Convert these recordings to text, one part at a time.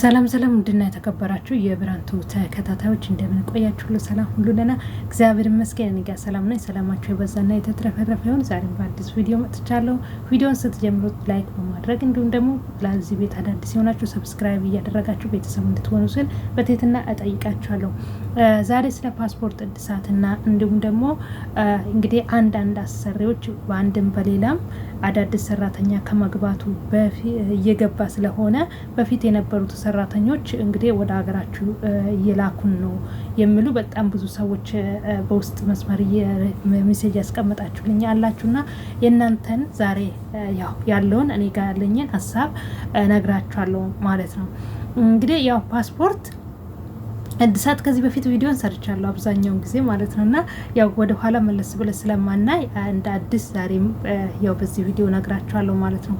ሰላም ሰላም፣ ውድና የተከበራችሁ የብራንቱ ተከታታዮች እንደምንቆያችሁ፣ ሁሉ ሰላም ሁሉ ደህና፣ እግዚአብሔር ይመስገን። እኔ ጋር ሰላም ነኝ። ሰላማችሁ የበዛና የተትረፈረፈ ይሁን። ዛሬም በአዲስ ቪዲዮ መጥቻለሁ። ቪዲዮን ስትጀምሩት ላይክ በማድረግ እንዲሁም ደግሞ ለዚህ ቤት አዳዲስ የሆናችሁ ሰብስክራይብ እያደረጋችሁ ቤተሰብ እንድትሆኑ ስል በትህትና እጠይቃችኋለሁ። ዛሬ ስለ ፓስፖርት እድሳትና እንዲሁም ደግሞ እንግዲህ አንዳንድ አሰሪዎች በአንድም በሌላም አዳዲስ ሰራተኛ ከመግባቱ እየገባ ስለሆነ በፊት የነበሩት ሰራተኞች እንግዲህ ወደ ሀገራችሁ እየላኩን ነው የሚሉ በጣም ብዙ ሰዎች በውስጥ መስመር ሜሴጅ ያስቀመጣችሁልኝ አላችሁና የእናንተን ዛሬ ያው ያለውን እኔ ጋር ያለኝን ሀሳብ ነግራችኋለሁ ማለት ነው። እንግዲህ ያው ፓስፖርት እድሳት ከዚህ በፊት ቪዲዮ እንሰርቻለሁ አብዛኛውን ጊዜ ማለት ነው። እና ያው ኋላ መለስ ብለ ስለማናይ እንደ አዲስ ዛሬም ያው በዚህ ቪዲዮ ነግራችኋለሁ ማለት ነው።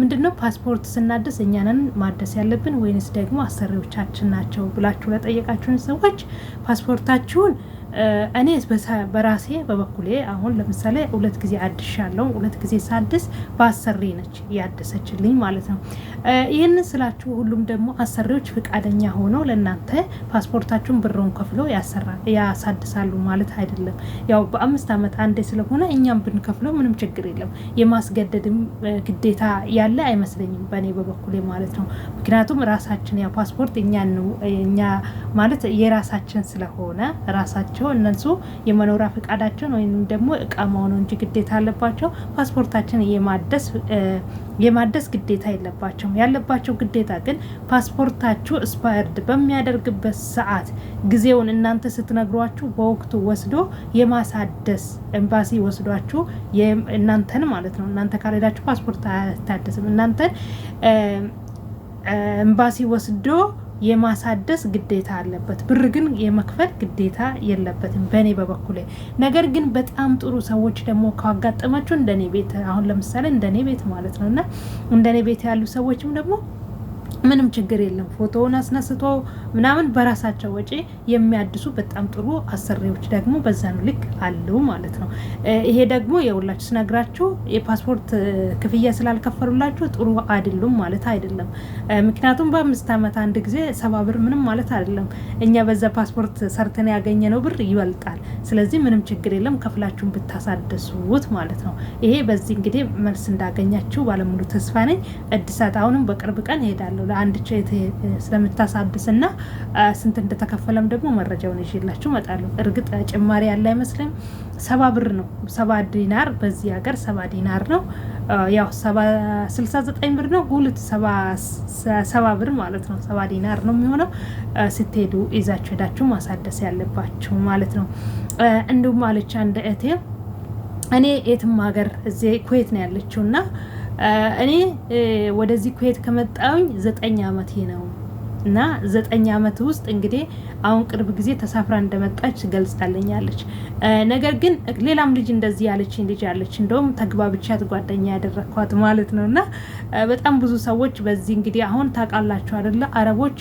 ምንድን ነው ፓስፖርት ስናድስ እኛንን ማደስ ያለብን ወይንስ ደግሞ አሰሪዎቻችን ናቸው ብላችሁ ለጠየቃችሁን ሰዎች ፓስፖርታችሁን እኔ በራሴ በበኩሌ አሁን ለምሳሌ ሁለት ጊዜ አድሻለሁ። ሁለት ጊዜ ሳድስ በአሰሪ ነች ያደሰችልኝ ማለት ነው። ይህንን ስላችሁ ሁሉም ደግሞ አሰሪዎች ፍቃደኛ ሆነው ለእናንተ ፓስፖርታችሁን ብረውን ከፍለው ያሳድሳሉ ማለት አይደለም። ያው በአምስት ዓመት አንዴ ስለሆነ እኛም ብንከፍለው ምንም ችግር የለም። የማስገደድም ግዴታ ያለ አይመስለኝም በእኔ በበኩሌ ማለት ነው። ምክንያቱም ራሳችን ያው ፓስፖርት እኛ ማለት የራሳችን ስለሆነ ራሳቸው አግኝተው እነሱ የመኖሪያ ፈቃዳቸውን ወይም ደግሞ እቃ መሆኑ እንጂ ግዴታ አለባቸው ፓስፖርታችን የማደስ የማደስ ግዴታ የለባቸውም። ያለባቸው ግዴታ ግን ፓስፖርታችሁ ስፓርድ በሚያደርግበት ሰዓት ጊዜውን እናንተ ስትነግሯችሁ በወቅቱ ወስዶ የማሳደስ ኤምባሲ ወስዷችሁ እናንተን ማለት ነው። እናንተ ካልሄዳችሁ ፓስፖርት አይታደስም። እናንተን ኤምባሲ ወስዶ የማሳደስ ግዴታ አለበት። ብር ግን የመክፈል ግዴታ የለበትም በእኔ በበኩሌ። ነገር ግን በጣም ጥሩ ሰዎች ደግሞ ካጋጠማችሁ እንደኔ ቤት አሁን ለምሳሌ እንደኔ ቤት ማለት ነው እና እንደኔ ቤት ያሉ ሰዎችም ደግሞ ምንም ችግር የለም። ፎቶውን አስነስቶ ምናምን በራሳቸው ወጪ የሚያድሱ በጣም ጥሩ አሰሪዎች ደግሞ በዛኑ ልክ አለው ማለት ነው። ይሄ ደግሞ የሁላችሁ ስነግራችሁ የፓስፖርት ክፍያ ስላልከፈሉላችሁ ጥሩ አይደሉም ማለት አይደለም። ምክንያቱም በአምስት ዓመት አንድ ጊዜ ሰባ ብር ምንም ማለት አይደለም። እኛ በዛ ፓስፖርት ሰርተን ያገኘነው ብር ይበልጣል። ስለዚህ ምንም ችግር የለም ከፍላችሁን ብታሳደሱት ማለት ነው። ይሄ በዚህ እንግዲህ መልስ እንዳገኛችሁ ባለሙሉ ተስፋ ነኝ። እድሳት አሁንም በቅርብ ቀን ይሄዳለሁ አንድ ቼት ስለምታሳብስ እና ስንት እንደተከፈለም ደግሞ መረጃውን ይዤላችሁ እመጣለሁ። እርግጥ ጭማሪ ያለ አይመስልም። ሰባ ብር ነው ሰባ ዲናር በዚህ ሀገር ሰባ ዲናር ነው። ያው ስልሳ ዘጠኝ ብር ነው ጉልት ሰባ ብር ማለት ነው። ሰባ ዲናር ነው የሚሆነው። ስትሄዱ ይዛችሁ ሄዳችሁ ማሳደስ ያለባችሁ ማለት ነው። እንዲሁም አለች አንድ እህቴ እኔ የትም ሀገር እዚህ ኩዌት ነው ያለችው እና እኔ ወደዚህ ኩዌት ከመጣሁኝ ዘጠኝ አመቴ ነው እና ዘጠኝ አመት ውስጥ እንግዲህ አሁን ቅርብ ጊዜ ተሳፍራ እንደመጣች ገልጽታለኛለች። ነገር ግን ሌላም ልጅ እንደዚህ ያለችኝ ልጅ አለች። እንደውም ተግባብቻት ጓደኛ ያደረግኳት ማለት ነው። እና በጣም ብዙ ሰዎች በዚህ እንግዲህ አሁን ታውቃላችሁ አደለ አረቦች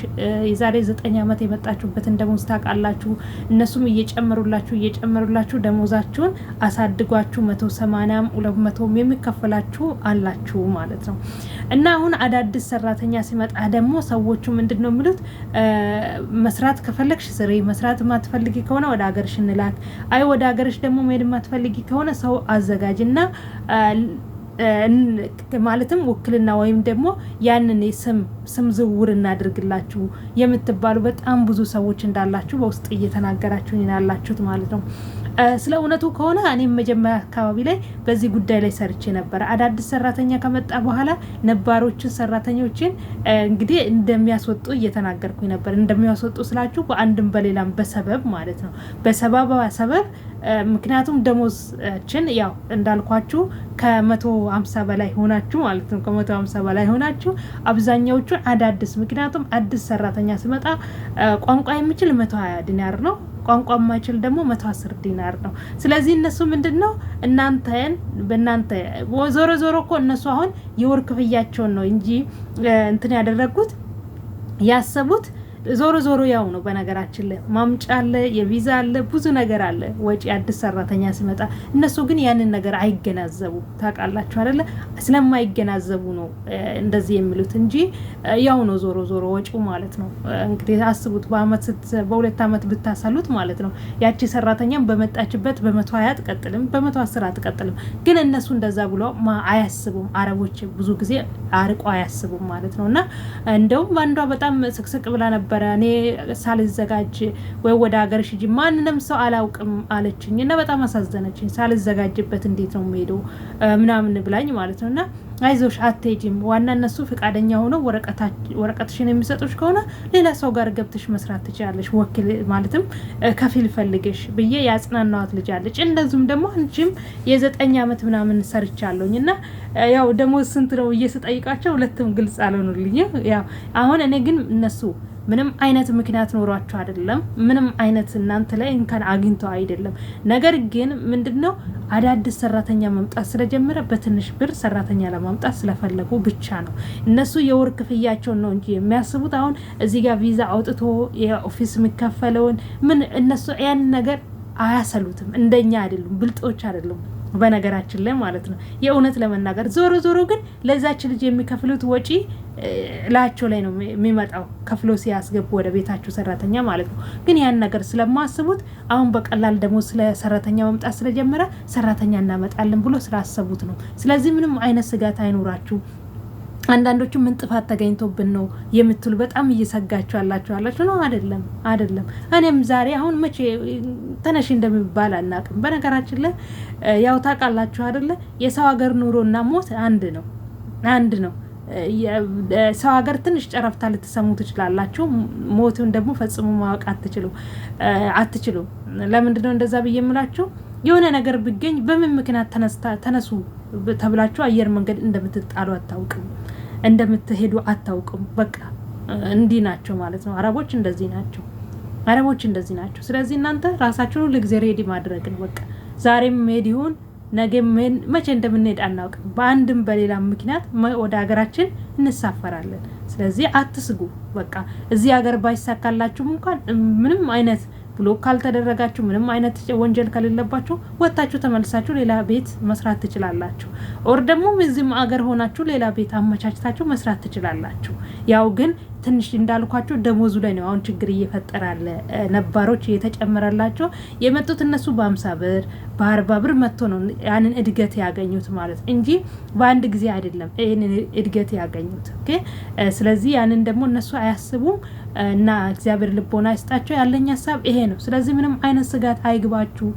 የዛሬ ዘጠኝ ዓመት የመጣችሁበትን ደሞዝ ታውቃላችሁ። እነሱም እየጨመሩላችሁ እየጨመሩላችሁ ደሞዛችሁን አሳድጓችሁ መቶ ሰማንያም ሁለት መቶም የሚከፈላችሁ አላችሁ ማለት ነው። እና አሁን አዳዲስ ሰራተኛ ሲመጣ ደግሞ ሰዎቹ ምንድን ነው የሚሉት መስራት ከፈለ ከፈለግሽ ስሪ። መስራት ማትፈልጊ ከሆነ ወደ ሀገርሽ እንላክ። አይ ወደ ሀገርሽ ደግሞ መሄድ ማትፈልጊ ከሆነ ሰው አዘጋጅና ማለትም ውክልና ወይም ደግሞ ያንን የስም ስም ዝውውር እናድርግላችሁ የምትባሉ በጣም ብዙ ሰዎች እንዳላችሁ በውስጥ እየተናገራችሁ ያላችሁት ማለት ነው። ስለ እውነቱ ከሆነ እኔም መጀመሪያ አካባቢ ላይ በዚህ ጉዳይ ላይ ሰርቼ ነበረ። አዳዲስ ሰራተኛ ከመጣ በኋላ ነባሮችን ሰራተኞችን እንግዲህ እንደሚያስወጡ እየተናገርኩኝ ነበር። እንደሚያስወጡ ስላችሁ በአንድም በሌላም በሰበብ ማለት ነው። በሰበብ ሰበብ ምክንያቱም ደሞዝችን ያው እንዳልኳችሁ ከመቶ ሀምሳ በላይ ሆናችሁ ማለት ነው። ከመቶ ሀምሳ በላይ ሆናችሁ አብዛኛዎቹ አዳዲስ ምክንያቱም አዲስ ሰራተኛ ስመጣ ቋንቋ የሚችል መቶ ሀያ ዲናር ነው ቋንቋ ማይችል ደግሞ መቶ አስር ዲናር ነው። ስለዚህ እነሱ ምንድን ነው እናንተን በእናንተ ዞሮ ዞሮ እኮ እነሱ አሁን የወር ክፍያቸውን ነው እንጂ እንትን ያደረጉት ያሰቡት ዞሮ ዞሮ ያው ነው። በነገራችን ላይ ማምጫ አለ፣ የቪዛ አለ፣ ብዙ ነገር አለ ወጪ አዲስ ሰራተኛ ሲመጣ። እነሱ ግን ያንን ነገር አይገናዘቡ ታውቃላችሁ አይደለ? ስለማይገናዘቡ ነው እንደዚህ የሚሉት እንጂ ያው ነው ዞሮ ዞሮ ወጪው ማለት ነው። እንግዲህ አስቡት በአመት በሁለት አመት ብታሳሉት ማለት ነው ያቺ ሰራተኛም በመጣችበት በመቶ ሀያ አትቀጥልም፣ በመቶ አስር አትቀጥልም። ግን እነሱ እንደዛ ብሎ አያስቡም። አረቦች ብዙ ጊዜ አርቆ አያስቡም ማለት ነው። እና እንደውም አንዷ በጣም ስቅስቅ ብላ ነበር ነበረ እኔ ሳልዘጋጅ ወይ ወደ ሀገር ሽጂ ማንንም ሰው አላውቅም አለችኝ እና በጣም አሳዘነችኝ። ሳልዘጋጅበት እንዴት ነው የምሄደው ምናምን ብላኝ ማለት ነው እና አይዞሽ አትሄጂም፣ ዋና እነሱ ፈቃደኛ ሆነው ወረቀትሽን የሚሰጡች ከሆነ ሌላ ሰው ጋር ገብተሽ መስራት ትችላለሽ፣ ወኪል ማለትም ከፊል ፈልገሽ ብዬ ያጽናናዋት አለች። እንደዚሁም ደግሞ አንቺም የዘጠኝ ዓመት ምናምን ሰርቻለሁኝ እና ያው ደሞዝ ስንት ነው ብዬ ስጠይቃቸው ሁለትም ግልጽ አልሆኑልኝም። ያው አሁን እኔ ግን እነሱ ምንም አይነት ምክንያት ኖሯቸው አይደለም፣ ምንም አይነት እናንተ ላይ እንኳን አግኝተው አይደለም። ነገር ግን ምንድን ነው አዳዲስ ሰራተኛ መምጣት ስለጀመረ በትንሽ ብር ሰራተኛ ለማምጣት ስለፈለጉ ብቻ ነው። እነሱ የወር ክፍያቸውን ነው እንጂ የሚያስቡት አሁን እዚህ ጋር ቪዛ አውጥቶ የኦፊስ የሚከፈለውን ምን እነሱ ያን ነገር አያሰሉትም። እንደኛ አይደሉም፣ ብልጦች አይደሉም። በነገራችን ላይ ማለት ነው። የእውነት ለመናገር ዞሮ ዞሮ ግን ለዛች ልጅ የሚከፍሉት ወጪ ላቸው ላይ ነው የሚመጣው ከፍሎ ሲያስገቡ ወደ ቤታቸው ሰራተኛ ማለት ነው። ግን ያን ነገር ስለማስቡት አሁን በቀላል ደግሞ ስለ ሰራተኛ መምጣት ስለጀመረ ሰራተኛ እናመጣለን ብሎ ስላሰቡት ነው። ስለዚህ ምንም አይነት ስጋት አይኖራችሁ። አንዳንዶቹ ምን ጥፋት ተገኝቶብን ነው የምትሉ በጣም እየሰጋችሁ ያላችሁ ያላችሁ ነው። አይደለም አይደለም። እኔም ዛሬ አሁን መቼ ተነሽ እንደሚባል አናውቅም። በነገራችን ላይ ያው ታውቃላችሁ አይደለ? የሰው ሀገር ኑሮና ሞት አንድ ነው፣ አንድ ነው። ሰው ሀገር ትንሽ ጨረፍታ ልትሰሙ ትችላላችሁ። ሞትን ደግሞ ፈጽሞ ማወቅ አትችሉ አትችሉ። ለምንድነው እንደዛ ብዬ የምላችሁ? የሆነ ነገር ቢገኝ በምን ምክንያት ተነሱ ተብላችሁ አየር መንገድ እንደምትጣሉ አታውቅም። እንደምትሄዱ አታውቅም። በቃ እንዲህ ናቸው ማለት ነው። አረቦች እንደዚህ ናቸው፣ አረቦች እንደዚህ ናቸው። ስለዚህ እናንተ ራሳችሁን ለጊዜ ሬዲ ማድረግ ነው። በቃ ዛሬም መሄድ ይሁን ነገ መቼ እንደምንሄድ አናውቅም። በአንድም በሌላ ምክንያት ወደ ሀገራችን እንሳፈራለን። ስለዚህ አትስጉ። በቃ እዚህ ሀገር ባይሳካላችሁም እንኳን ምንም አይነት ብሎክ ካልተደረጋችሁ ምንም አይነት ወንጀል ከሌለባችሁ ወጥታችሁ ተመልሳችሁ ሌላ ቤት መስራት ትችላላችሁ። ኦር ደግሞ እዚህም አገር ሆናችሁ ሌላ ቤት አመቻችታችሁ መስራት ትችላላችሁ። ያው ግን ትንሽ እንዳልኳቸው ደሞዙ ላይ ነው አሁን ችግር እየፈጠራለ ነባሮች እየተጨመረላቸው የመጡት እነሱ በአምሳ ብር በአርባ ብር መጥቶ ነው ያንን እድገት ያገኙት ማለት እንጂ በአንድ ጊዜ አይደለም ይህንን እድገት ያገኙት። ስለዚህ ያንን ደግሞ እነሱ አያስቡም እና እግዚአብሔር ልቦና ይስጣቸው። ያለኝ ሀሳብ ይሄ ነው። ስለዚህ ምንም አይነት ስጋት አይግባችሁ።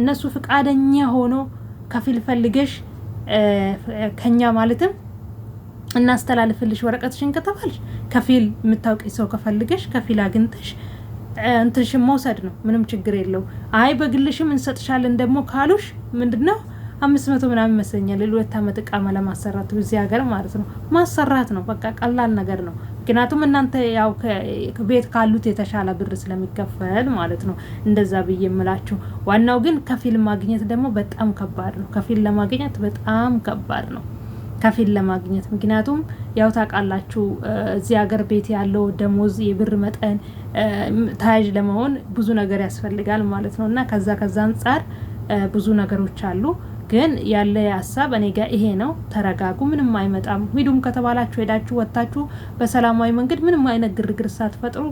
እነሱ ፈቃደኛ ሆኖ ከፊል ፈልገሽ ከኛ ማለትም እናስተላልፍልሽ ወረቀትሽን ከተባልሽ ከፊል የምታውቂ ሰው ከፈልገሽ ከፊል አግኝተሽ እንትንሽን መውሰድ ነው። ምንም ችግር የለው። አይ በግልሽም እንሰጥሻለን ደግሞ ካሉሽ ምንድነው አምስት መቶ ምናምን ይመስለኛል ለሁለት ዓመት እቃማ ለማሰራት እዚህ ሀገር ማለት ነው። ማሰራት ነው በቃ ቀላል ነገር ነው። ምክንያቱም እናንተ ያው ቤት ካሉት የተሻለ ብር ስለሚከፈል ማለት ነው። እንደዛ ብዬ የምላችሁ ዋናው ግን ከፊል ማግኘት ደግሞ በጣም ከባድ ነው። ከፊል ለማግኘት በጣም ከባድ ነው። ከፊል ለማግኘት ምክንያቱም ያው ታውቃላችሁ እዚህ ሀገር ቤት ያለው ደሞዝ የብር መጠን ተያዥ ለመሆን ብዙ ነገር ያስፈልጋል ማለት ነው እና ከዛ ከዛ አንጻር ብዙ ነገሮች አሉ። ግን ያለ ሀሳብ እኔ ጋር ይሄ ነው። ተረጋጉ፣ ምንም አይመጣም። ሂዱም ከተባላችሁ ሄዳችሁ ወጥታችሁ በሰላማዊ መንገድ ምንም አይነት ግርግር ሳትፈጥሩ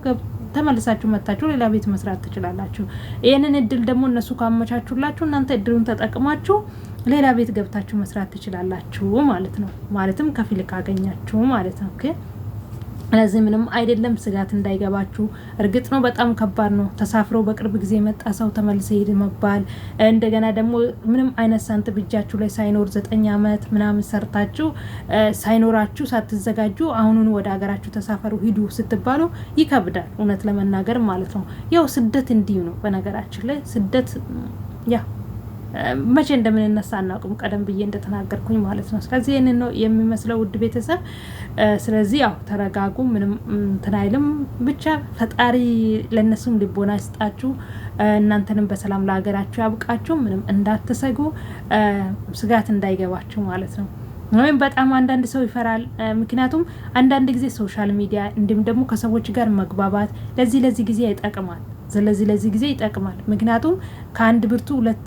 ተመልሳችሁ መታችሁ ሌላ ቤት መስራት ትችላላችሁ። ይህንን እድል ደግሞ እነሱ ካመቻቹላችሁ እናንተ እድሉን ተጠቅማችሁ ሌላ ቤት ገብታችሁ መስራት ትችላላችሁ ማለት ነው። ማለትም ከፊል ካገኛችሁ ማለት ነው። ለዚህ ምንም አይደለም፣ ስጋት እንዳይገባችሁ። እርግጥ ነው በጣም ከባድ ነው። ተሳፍሮ በቅርብ ጊዜ የመጣ ሰው ተመልሰ ሄድ መባል፣ እንደገና ደግሞ ምንም አይነት ሳንቲም እጃችሁ ላይ ሳይኖር ዘጠኝ ዓመት ምናምን ሰርታችሁ ሳይኖራችሁ ሳትዘጋጁ አሁኑን ወደ ሀገራችሁ ተሳፈሩ ሂዱ ስትባሉ ይከብዳል፣ እውነት ለመናገር ማለት ነው። ያው ስደት እንዲሁ ነው። በነገራችን ላይ ስደት ያ መቼ እንደምንነሳ አናውቅም። ቀደም ብዬ እንደተናገርኩኝ ማለት ነው። ስለዚህ ይህንን ነው የሚመስለው ውድ ቤተሰብ። ስለዚህ ያው ተረጋጉ፣ ምንም እንትን አይልም። ብቻ ፈጣሪ ለእነሱም ልቦና ይስጣችሁ፣ እናንተንም በሰላም ለሀገራችሁ ያብቃችሁ። ምንም እንዳትሰጉ፣ ስጋት እንዳይገባችሁ ማለት ነው። ወይም በጣም አንዳንድ ሰው ይፈራል። ምክንያቱም አንዳንድ ጊዜ ሶሻል ሚዲያ እንዲሁም ደግሞ ከሰዎች ጋር መግባባት ለዚህ ለዚህ ጊዜ ይጠቅማል። ስለዚህ ለዚህ ጊዜ ይጠቅማል። ምክንያቱም ከአንድ ብርቱ ሁለት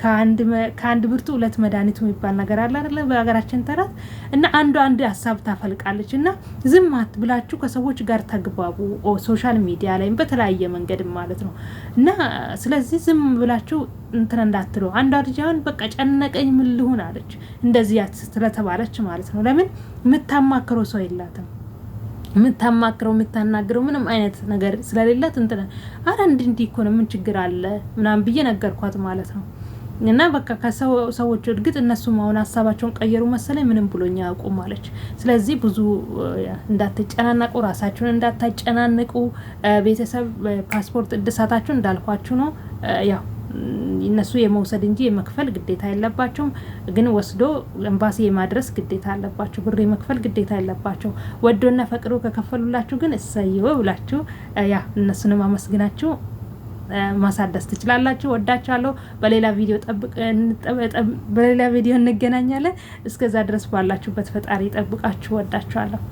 ከአንድ ብርቱ ሁለት መድኃኒቱ የሚባል ነገር አለ አይደለ? በሀገራችን ተራት እና አንዱ አንድ ሀሳብ ታፈልቃለች እና ዝም ብላችሁ ከሰዎች ጋር ተግባቡ፣ ሶሻል ሚዲያ ላይም በተለያየ መንገድ ማለት ነው እና ስለዚህ ዝም ብላችሁ እንትን እንዳትሉ። አንዷ ልጅ አሁን በቃ ጨነቀኝ ምን ልሁን አለች እንደዚህ ስለተባለች ማለት ነው። ለምን የምታማክረው ሰው የላትም። የምታማክረው የምታናግረው ምንም አይነት ነገር ስለሌላት እንትን አረ እንዲህ እንዲ እኮ ነው ምን ችግር አለ ምናምን ብዬ ነገርኳት ማለት ነው። እና በቃ ከሰዎች እርግጥ እነሱ አሁን ሀሳባቸውን ቀየሩ መሰለኝ ምንም ብሎኛ ያውቁም አለች። ስለዚህ ብዙ እንዳትጨናነቁ፣ ራሳችሁን እንዳታጨናንቁ ቤተሰብ ፓስፖርት እድሳታችሁን እንዳልኳችሁ ነው ያው እነሱ የመውሰድ እንጂ የመክፈል ግዴታ የለባቸውም። ግን ወስዶ ኤምባሲ የማድረስ ግዴታ አለባቸው። ብር የመክፈል ግዴታ የለባቸው። ወዶና ፈቅዶ ከከፈሉላችሁ ግን እሰየው ብላችሁ ያ እነሱንም አመስግናችሁ ማሳደስ ትችላላችሁ። ወዳችኋለሁ። በሌላ ቪዲዮ በሌላ ቪዲዮ እንገናኛለን። እስከዛ ድረስ ባላችሁበት ፈጣሪ ጠብቃችሁ። ወዳችኋለሁ።